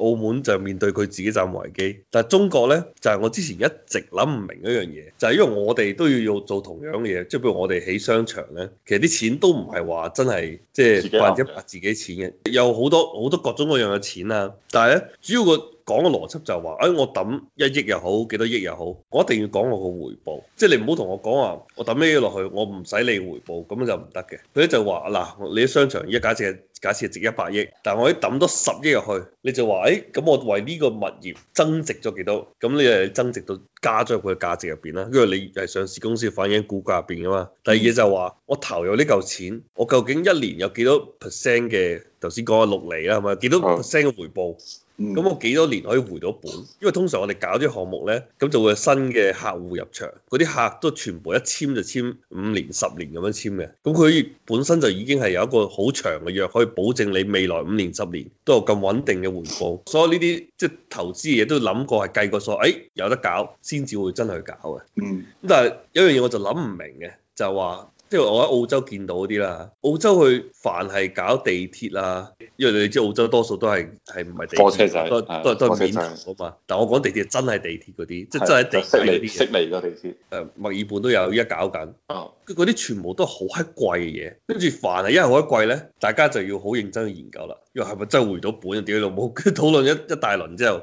澳門就面對佢自己債務危機，但係中國呢，就係、是、我之前一直諗唔明一樣嘢，就係、是、因為我哋都要要做同樣嘅嘢，即、就、係、是、譬如我哋起商場呢，其實啲錢都唔係話真係即係百分之一百自己錢嘅，有好多好多各種各樣嘅錢啦，但係呢，主要個。講個邏輯就係話，誒、哎，我抌一億又好，幾多億又好，我一定要講我個回報。即、就、係、是、你唔好同我講話，我抌咩嘢落去，我唔使你回報，咁就唔得嘅。佢咧就話，嗱，你喺商場，而家假設假設係值一百億，但係我可以抌多十億入去，你就話，誒、哎，咁我為呢個物業增值咗幾多？咁你係增值到加咗佢嘅價值入邊啦。因為你係上市公司反映喺股價入邊噶嘛。第二嘢就係話，我投入呢嚿錢，我究竟一年有幾多 percent 嘅，頭先講嘅六厘啦，係咪？幾多 percent 嘅回報？咁我幾多年可以回到本？因為通常我哋搞啲項目咧，咁就會有新嘅客戶入場，嗰啲客都全部一簽就簽五年、十年咁樣簽嘅。咁佢本身就已經係有一個好長嘅約，可以保證你未來五年、十年都有咁穩定嘅回報。所以呢啲即係投資嘅嘢都諗過，係計過數，誒，哎，有得搞先至會真係去搞嘅。嗯，咁但係有樣嘢我就諗唔明嘅，就係話。即係我喺澳洲見到啲啦，澳洲去凡係搞地鐵啊，因為你知澳洲多數都係係唔係電車仔、就是，都是都都係免停啊嘛。就是、但係我講地鐵真係地鐵嗰啲，是即係真係地底嗰啲。悉尼嘅地鐵，誒，墨爾本都有依家搞緊。啊、哦，嗰啲全部都係好閪貴嘅嘢，跟住凡係因為好貴咧，大家就要好認真去研究啦。又係咪真係回到本啊？點樣冇？跟討論一一大輪之後，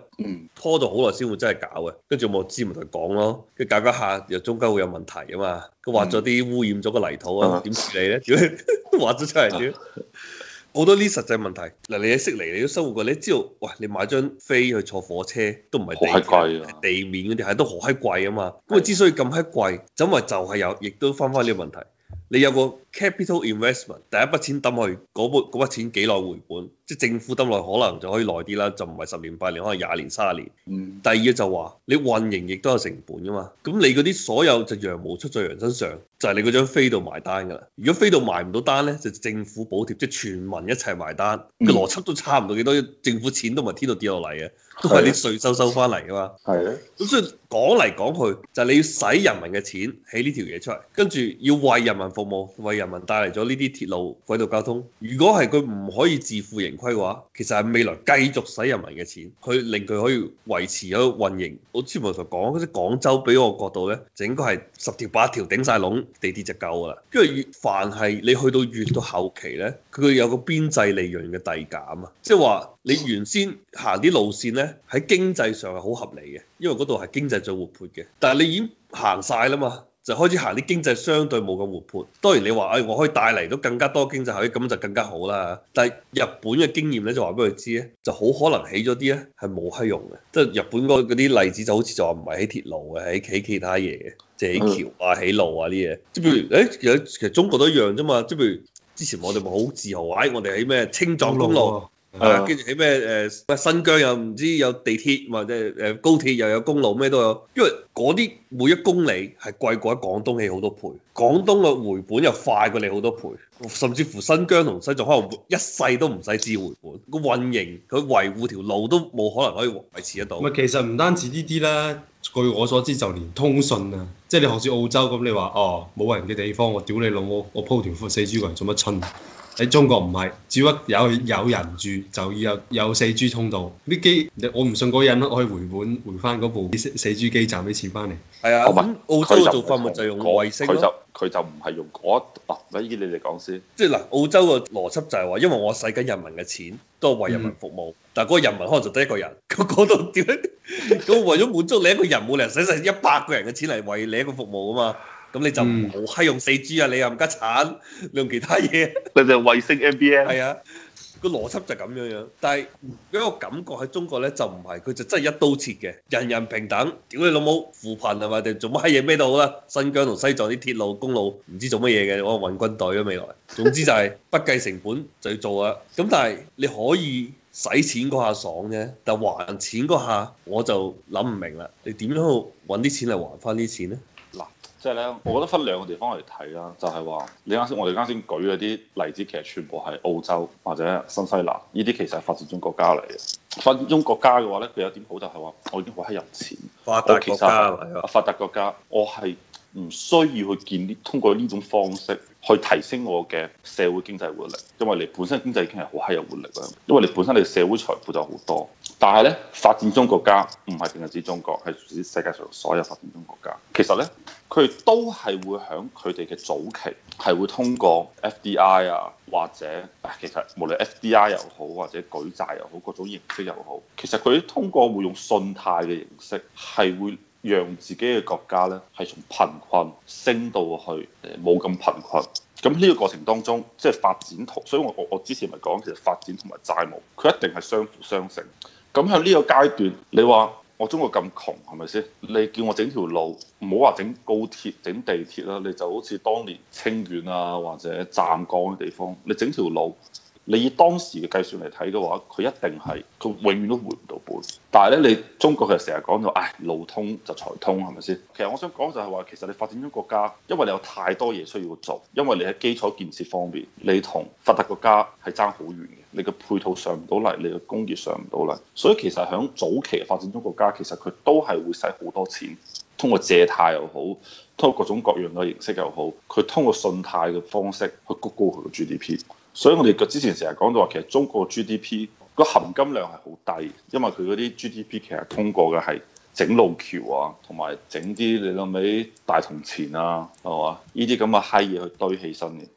拖咗好耐先會真係搞嘅。跟住我知咪同佢講咯。跟住搞下又中間會有問題啊嘛。佢挖咗啲污染咗個泥土啊，點處、嗯、理咧？主要挖咗出嚟，主要好 多呢實際問題。嗱，你喺悉尼，你都生活過，你知道。喂，你買張飛去坐火車都唔係好閪貴，地面嗰啲係都好閪貴啊嘛。咁啊的，之所以咁閪貴，就因為就係有，亦都翻翻呢個問題。你有個 capital investment，第一筆錢抌去，嗰筆嗰筆錢幾耐回本？即係政府咁耐，可能就可以耐啲啦，就唔係十年八年，可能廿年三廿年。嗯、第二就話，你運營亦都有成本噶嘛，咁你嗰啲所有就羊毛出在羊身上，就係、是、你嗰張飛度埋單㗎啦。如果飛度埋唔到單咧，就是、政府補貼，即、就、係、是、全民一齊埋單，那個邏輯都差唔到幾多，多，政府錢都唔係天度跌落嚟嘅，都係啲稅收收翻嚟㗎嘛。係咧。咁所以講嚟講去就係、是、你要使人民嘅錢起呢條嘢出嚟，跟住要為人民服務，為人民帶嚟咗呢啲鐵路、軌道交通。如果係佢唔可以自負型。規劃其實係未來繼續使人民嘅錢，去令佢可以維持咗運營。我之前咪就講，即係廣州俾我角度咧，就應該係十條八條頂晒籠地鐵就夠噶啦。因為越凡係你去到越到後期咧，佢有個邊際利潤嘅遞減啊，即係話你原先行啲路線咧，喺經濟上係好合理嘅，因為嗰度係經濟最活潑嘅。但係你已經行晒啦嘛。就開始行啲經濟相對冇咁活潑，當然你話，哎，我可以帶嚟到更加多經濟效益，咁就更加好啦。但係日本嘅經驗咧，就話俾佢知咧，就好可能起咗啲咧係冇閪用嘅，即係日本嗰啲例子就好似就話唔係起鐵路嘅，起起其他嘢嘅，即係起橋啊、起路啊啲嘢。即譬如，誒、哎，其實其實中國都一樣啫嘛。即譬如之前我哋咪好自豪話，哎，我哋起咩青藏公路。係跟住起咩誒？喂，uh, 新疆又唔知有地鐵，或者誒高鐵，又有公路，咩都有。因為嗰啲每一公里係貴過喺廣東起好多倍，廣東嘅回本又快過你好多倍，甚至乎新疆同西藏可能一世都唔使知回本，個運營佢維護條路都冇可能可以維持得到。咪其實唔單止呢啲啦，據我所知就連通訊啊，即係你學似澳洲咁，你話哦，冇人嘅地方，我屌你老母，我鋪條寬四 G 嘅人做乜春？喺中國唔係，只要有有人住就要有，有四 G 通道，啲機我唔信嗰人我可以回本回翻嗰部啲四 G 機賺啲錢翻嚟？係啊，咁澳洲做法咪就用衛星咯。佢就佢就唔係用嗰、那個，唔係依你哋講先。即係嗱，澳洲嘅邏輯就係話，因為我使緊人民嘅錢，都係為人民服務。嗯、但係嗰個人民可能就得一個人，佢嗰度點樣？佢 為咗滿足你一個人，冇理由使曬一百個人嘅錢嚟為你一個服務啊嘛。咁、嗯、你就唔好閪用四 G 啊！你又唔加橙，你用其他嘢？你只衛星 NBA 係啊，個邏輯就咁樣樣。但係嗰個感覺喺中國咧就唔係，佢就真係一刀切嘅，人人平等。屌你老母，扶貧係咪定做乜嘢咩都好啦？新疆同西藏啲鐵路公路唔知做乜嘢嘅，我能運軍隊啊未來。總之就係、是、 不計成本就要做啊！咁但係你可以。使錢嗰下爽啫，但還錢嗰下我就諗唔明啦。你點樣去搵啲錢嚟還返啲錢咧？嗱，即係咧，我覺得分兩個地方嚟睇啦，就係話你啱先，我哋啱先舉嗰啲例子，其實全部係澳洲或者新西蘭，呢啲其實係發展中國家嚟嘅。發展中國家嘅話咧，佢有點好就係話，我已經好係有錢，我其實，吧發達國家，我係。唔需要去建立，通過呢種方式去提升我嘅社會經濟活力，因為你本身經濟已經係好係有活力啦。因為你本身你社會財富就好多，但係咧發展中國家唔係淨係指中國，係指世界上所有發展中國家。其實咧，佢都係會響佢哋嘅早期係會通過 FDI 啊，或者其實無論 FDI 又好，或者舉債又好，各種形式又好，其實佢通過會用信貸嘅形式係會。讓自己嘅國家呢，係從貧困升到去冇咁貧困，咁呢個過程當中即係、就是、發展同，所以我我我之前咪講，其實發展同埋債務佢一定係相輔相成。咁喺呢個階段，你話我中國咁窮係咪先？你叫我整條路，唔好話整高鐵、整地鐵啦，你就好似當年清遠啊或者湛江嘅地方，你整條路。你以當時嘅計算嚟睇嘅話，佢一定係佢永遠都回唔到本。但係咧，你中國其實成日講到，唉，路通就財通，係咪先？其實我想講就係話，其實你發展中國家，因為你有太多嘢需要做，因為你喺基礎建設方面，你同發達國家係爭好遠嘅。你嘅配套上唔到嚟，你嘅工業上唔到嚟，所以其實喺早期發展中國家，其實佢都係會使好多錢，通過借貸又好，通過各種各樣嘅形式又好，佢通過信貸嘅方式去谷高佢個 GDP。所以我哋之前成日講到話，其實中國嘅 GDP 個含金量係好低，因為佢嗰啲 GDP 其實通過嘅係整路橋啊，同埋整啲你諗起大銅錢啊，係嘛？呢啲咁嘅閪嘢去堆起身嘅，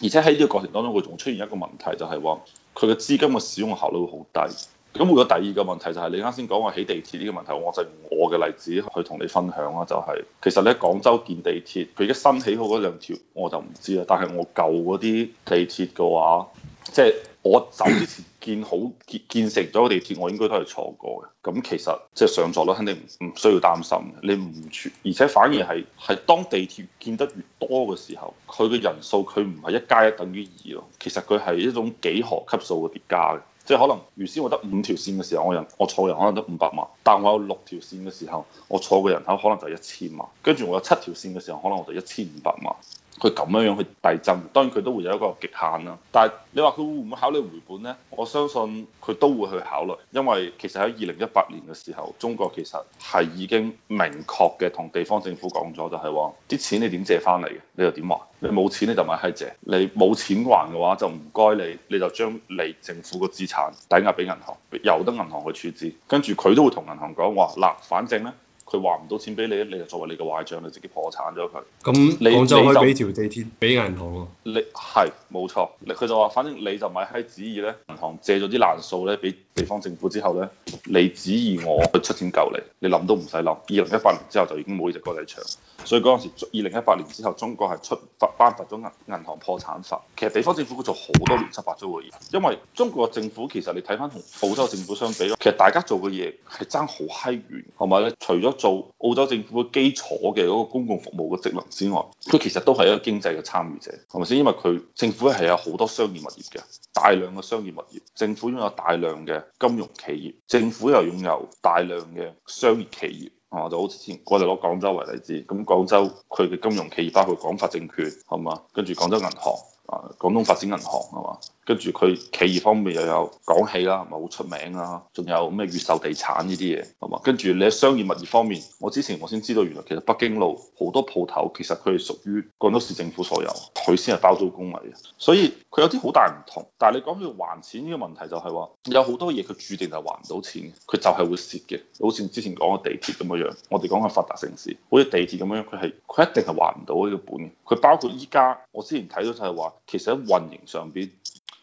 而且喺呢個過程當中，佢仲出現一個問題，就係話佢嘅資金嘅使用效率會好低。咁會有第二個問題就係你啱先講話起地鐵呢個問題，我就用我嘅例子去同你分享啦。就係其實咧，廣州建地鐵，佢而家新起好嗰兩條，我就唔知啦。但係我舊嗰啲地鐵嘅話，即係我走之前建好建建成咗嘅地鐵，我應該都係坐過嘅。咁其實即係上座率肯定唔需要擔心你唔全，而且反而係係當地鐵建得越多嘅時候，佢嘅人數佢唔係一加一等於二咯。其實佢係一種幾何級數嘅疊加嘅。即係可能原先我得五條線嘅時候，我人我坐人可能得五百萬；但我有六條線嘅時候，我坐嘅人口可能就係一千萬；跟住我有七條線嘅時候，可能我就一千五百萬。佢咁樣樣去遞增，當然佢都會有一個極限啦。但係你話佢會唔會考慮回本呢？我相信佢都會去考慮，因為其實喺二零一八年嘅時候，中國其實係已經明確嘅同地方政府講咗就係喎，啲錢你點借翻嚟嘅，你就點還？你冇錢你就咪係借，你冇錢還嘅話就唔該你，你就將你政府個資產抵押俾銀行，由得銀行去處置，跟住佢都會同銀行講話嗱，反正呢。」佢還唔到錢俾你咧，你就作為你個壞賬，你自己破產咗佢。咁那你可以你俾條地鐵俾銀行囉、啊？你係冇錯，你佢就話，反正你就咪喺旨意咧，銀行借咗啲爛數咧，俾地方政府之後咧，你旨意我去出錢救你，你諗都唔使諗，二零一八年之後就已經冇呢隻歌仔唱。所以嗰陣時，二零一八年之後，中國係出頒發頒發咗銀銀行破產法。其實地方政府佢做好多亂七八糟嘅嘢，因為中國嘅政府其實你睇返同澳洲政府相比咯，其實大家做嘅嘢係爭好閪遠，同埋咧，除咗做澳洲政府嘅基礎嘅嗰個公共服務嘅職能之外，佢其實都係一個經濟嘅參與者，係咪先？因為佢政府咧係有好多商業物業嘅，大量嘅商業物業，政府擁有大量嘅金融企業，政府又擁有大量嘅商業企業。哦，就好似之前我哋攞廣州為例子，咁廣州佢嘅金融企業包括廣發證券，係嘛？跟住廣州銀行。啊，廣東發展銀行啊嘛，跟住佢企業方面又有港企啦，咪好出名啊，仲有咩越秀地產呢啲嘢啊嘛，跟住你喺商業物業方面，我之前我先知道原來其實北京路好多鋪頭其實佢係屬於廣州市政府所有，佢先係包租公嚟嘅，所以佢有啲好大唔同。但係你講佢還錢呢個問題就，就係話有好多嘢佢注定還就還唔到錢佢就係會蝕嘅，好似之前講嘅地鐵咁樣樣。我哋講嘅發達城市，好似地鐵咁樣樣，佢係佢一定係還唔到呢個本嘅。佢包括依家我之前睇到就係話。其實喺運營上邊，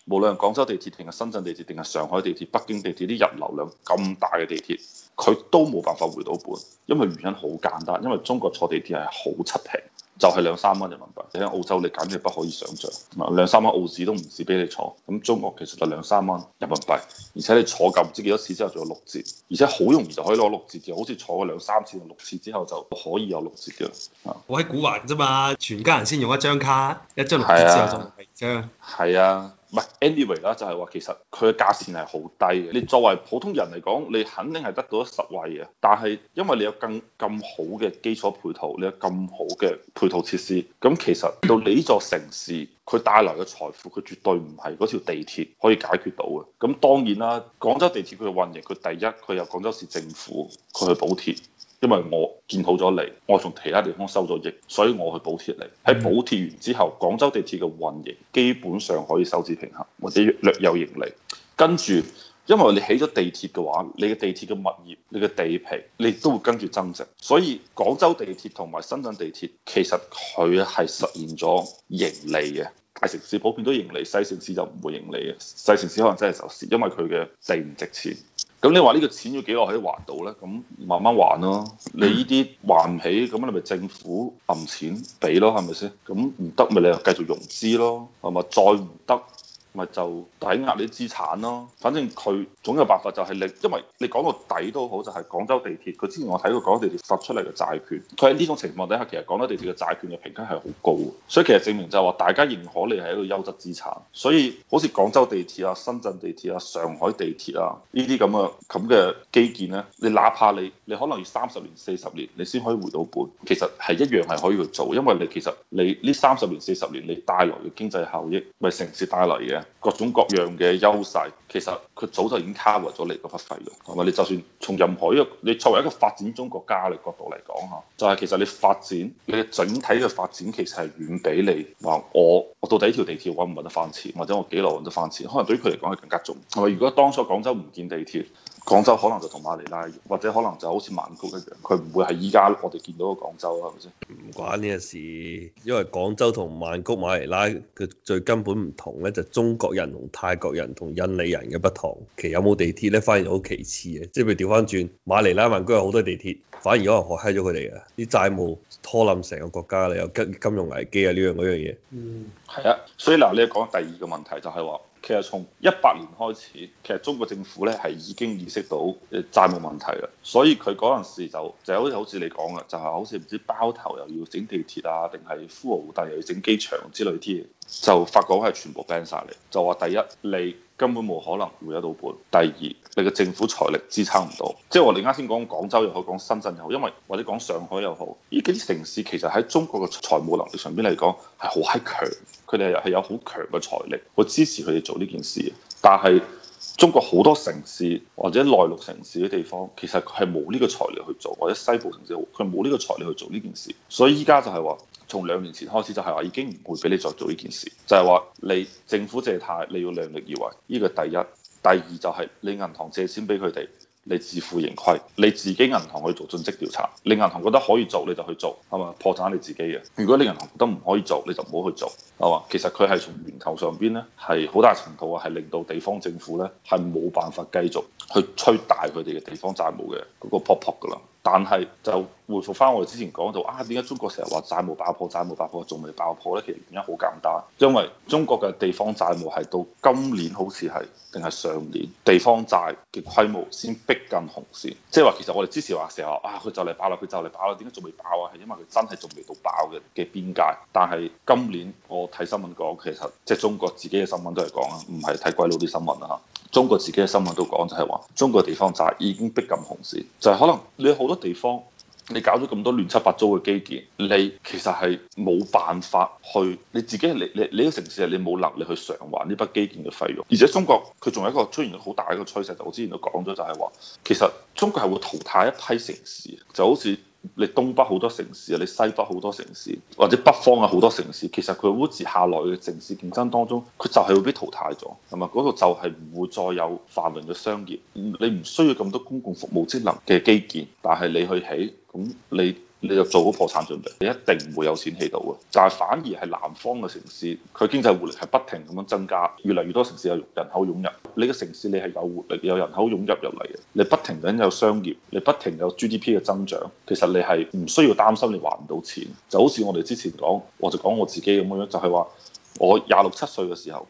無論係廣州地鐵定係深圳地鐵定係上海地鐵、北京地鐵，啲人流量咁大嘅地鐵，佢都冇辦法回到本，因為原因好簡單，因為中國坐地鐵係好七平。就係兩三蚊人民幣，你喺澳洲你簡直不可以想象，啊兩三蚊澳紙都唔止俾你坐，咁中國其實就兩三蚊人民幣，而且你坐夠唔知幾多次之後仲有六折，而且好容易就可以攞六折嘅，好似坐過兩三次六次之後就可以有六折嘅啦。我喺古玩啫嘛，全家人先用一張卡，一張六折之後就有第二張。係啊。唔係，anyway 啦，就係話其實佢嘅價錢係好低嘅。你作為普通人嚟講，你肯定係得到咗實惠嘅。但係因為你有更咁好嘅基礎配套，你有咁好嘅配套設施，咁其實到你呢座城市，佢帶來嘅財富，佢絕對唔係嗰條地鐵可以解決到嘅。咁當然啦，廣州地鐵佢嘅運營，佢第一，佢有廣州市政府，佢去補貼。因為我建好咗你，我從其他地方收咗益，所以我去補貼你。喺補貼完之後，廣州地鐵嘅運營基本上可以收支平衡，或者略有盈利。跟住，因為你起咗地鐵嘅話，你嘅地鐵嘅物業、你嘅地皮，你都會跟住增值。所以廣州地鐵同埋深圳地鐵其實佢係實現咗盈利嘅。大城市普遍都盈利，細城市就唔會盈利嘅。細城市可能真係就蝕、是，因為佢嘅地唔值錢。咁你話呢個錢要幾耐喺還到咧？咁慢慢還，這些還咯。是是你依啲還唔起，咁你咪政府揞錢俾咯，係咪先？咁唔得咪你又繼續融資咯，係咪？再唔得。咪就抵押你啲資產咯，反正佢總有辦法，就係你，因為你講到底都好，就係、是、廣州地鐵。佢之前我睇過廣州地鐵發出嚟嘅債券，佢喺呢種情況底下，其實廣州地鐵嘅債券嘅評級係好高，所以其實證明就係話大家認可你係一個優質資產。所以好似廣州地鐵啊、深圳地鐵啊、上海地鐵啊呢啲咁啊咁嘅基建咧，你哪怕你你可能要三十年、四十年你先可以回到本，其實係一樣係可以去做，因為你其實你呢三十年、四十年你帶來嘅經濟效益咪城市帶來嘅。各種各樣嘅優勢，其實佢早就已經 cover 咗你個費用㗎，係咪？你就算從任何一個你作為一個發展中國家嘅角度嚟講嚇，就係、是、其實你發展你嘅整體嘅發展其實係遠比你話我我到底條地鐵揾唔揾得翻錢，或者我幾耐揾得翻錢，可能對佢嚟講係更加重，係咪？如果當初廣州唔建地鐵，廣州可能就同馬尼拉，或者可能就好似曼谷一樣，佢唔會係依家我哋見到嘅廣州啊，係咪先？唔關呢個事，因為廣州同曼谷、馬尼拉嘅最根本唔同咧，就是、中國人同泰國人同印尼人嘅不同。其實有冇地鐵咧，反而好其次嘅，即係譬如調翻轉，馬尼拉、曼谷有好多地鐵，反而可能學嗨咗佢哋啊，啲債務拖冧成個國家，你有金金融危機啊呢樣嗰樣嘢。嗯，係啊。所以嗱，你講第二個問題就係、是、話。其實從一八年開始，其實中國政府咧係已經意識到誒債務問題啦，所以佢嗰陣時就就好似好似你講啦，就係好似唔知包頭又要整地鐵啊，定係呼和浩特又要整機場之類啲嘢。就發覺係全部 ban 晒，你就話第一你根本冇可能會得到本，第二你嘅政府財力支撐唔到，即係我哋啱先講廣州又好，講深圳又好，因為或者講上海又好，依幾啲城市其實喺中國嘅財務能力上邊嚟講係好閪強，佢哋係有好強嘅財力去支持佢哋做呢件事，但係中國好多城市或者內陸城市嘅地方，其實佢係冇呢個財力去做，或者西部城市好，佢冇呢個財力去做呢件事，所以依家就係話。從兩年前開始就係話已經唔會俾你再做呢件事，就係話你政府借貸你要量力而為，呢個第一。第二就係你銀行借錢俾佢哋，你自負盈虧，你自己銀行去做盡職調查，你銀行覺得可以做你就去做，係咪？破產你自己嘅。如果你銀行覺得唔可以做，你就唔好去做，係咪？其實佢係從源頭上邊呢，係好大程度啊，係令到地方政府呢，係冇辦法繼續去催大佢哋嘅地方債務嘅嗰個泡泡噶啦。但係就回覆翻我哋之前講到啊，點解中國成日話債務爆破、債務爆破，仲未爆破呢？其實原因好簡單，因為中國嘅地方債務係到今年好似係定係上年地方債嘅規模先逼近紅線，即係話其實我哋之前話成日話啊，佢就嚟爆啦，佢就嚟爆啦，點解仲未爆啊？係因為佢真係仲未到爆嘅嘅邊界。但係今年我睇新聞講，其實即係中國自己嘅新聞都係講啊，唔係睇鬼佬啲新聞啊嚇，中國自己嘅新聞都講就係話，中國地方債已經逼近紅線，就係可能你好多。地方你搞咗咁多亂七八糟嘅基建，你其實係冇辦法去你自己，你你你呢個城市係你冇能力去償還呢筆基建嘅費用，而且中國佢仲有一個出現好大一個趨勢，就我之前都講咗就係話，其實中國係會淘汰一批城市，就好似。你東北好多城市啊，你西北好多城市，或者北方嘅好多城市，其實佢好似下來嘅城市競爭當中，佢就係會被淘汰咗，係嘛？嗰度就係唔會再有繁榮嘅商業，你唔需要咁多公共服務職能嘅基建，但係你去起，咁你。你就做好破產準備，你一定唔會有錢起到嘅。但係反而係南方嘅城市，佢經濟活力係不停咁樣增加，越嚟越多城市有人口湧入。你嘅城市你係有活力，有人口湧入入嚟，你不停咁有商業，你不停有 GDP 嘅增長，其實你係唔需要擔心你還唔到錢。就好似我哋之前講，我就講我自己咁樣，就係話我廿六七歲嘅時候。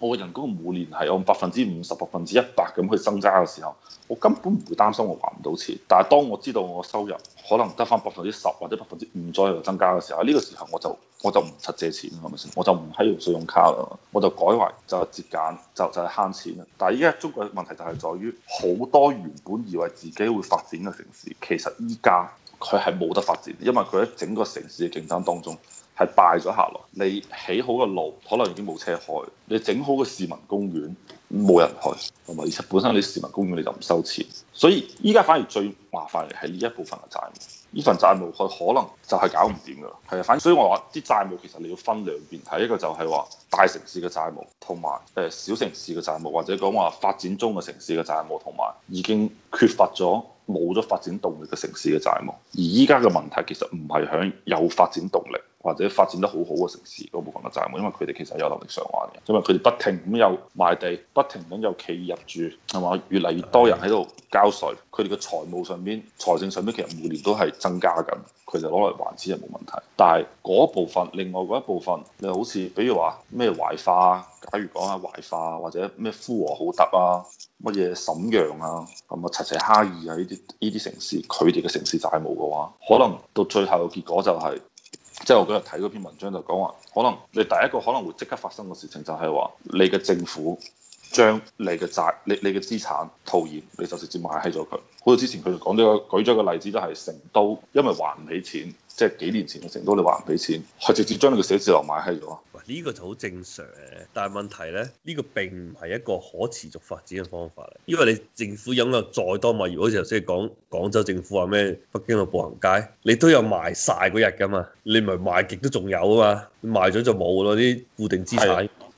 我嘅人工每年係按百分之五十、百分之一百咁去增加嘅時候，我根本唔會擔心我還唔到錢。但係當我知道我收入可能得返百分之十或者百分之五左右增加嘅時候，呢個時候我就我就唔出借錢啦，係咪先？我就唔喺用信用卡啦，我就改為就係節減，就就係慳錢啦。但係依家中國嘅問題就係在於，好多原本以為自己會發展嘅城市，其實依家佢係冇得發展，因為佢喺整個城市嘅競爭當中。係拜咗下來，你起好個路可能已經冇車開，你整好個市民公園冇人去。同埋而且本身你市民公園你就唔收錢，所以依家反而最麻煩嘅係呢一部分嘅債務，呢份債務佢可能就係搞唔掂㗎啦，係啊，反正所以我話啲債務其實你要分兩邊睇，一個就係話大城市嘅債務，同埋誒小城市嘅債務，或者講話發展中嘅城市嘅債務，同埋已經缺乏咗，冇咗發展動力嘅城市嘅債務，而依家嘅問題其實唔係響有發展動力或者發展得好好嘅城市嗰部分嘅債務，因為佢哋其實有能力償還嘅，因為佢哋不停咁有賣地，不停咁有企業入住，係嘛？越嚟越多人喺度交稅，佢哋嘅財務上邊、財政上邊，其實每年都係增加緊。佢就攞嚟還錢就冇問題，但係嗰部分，另外嗰一部分，你好似，比如話咩懷化，假如講下懷化或者咩呼和浩特啊，乜嘢沈陽啊，咁、嗯、啊齊齊哈爾啊呢啲呢啲城市，佢哋嘅城市債務嘅話，可能到最後結果就係、是，即、就、係、是、我今日睇嗰篇文章就講話，可能你第一個可能會即刻發生嘅事情就係話，你嘅政府。將你嘅債，你你嘅資產套現，你就直接賣閪咗佢。好似之前佢就講咗個舉咗個例子，就係成都，因為還唔起錢，即係幾年前嘅成都，你還唔起錢，佢直接將你嘅寫字樓賣閪咗。呢個就好正常啊，但係問題咧，呢個並唔係一個可持續發展嘅方法嚟，因為你政府擁有再多嘛，如果就頭先講廣州政府話咩北京路步行街，你都有賣晒嗰日噶嘛，你咪賣極都仲有啊嘛，賣咗就冇咯啲固定資產。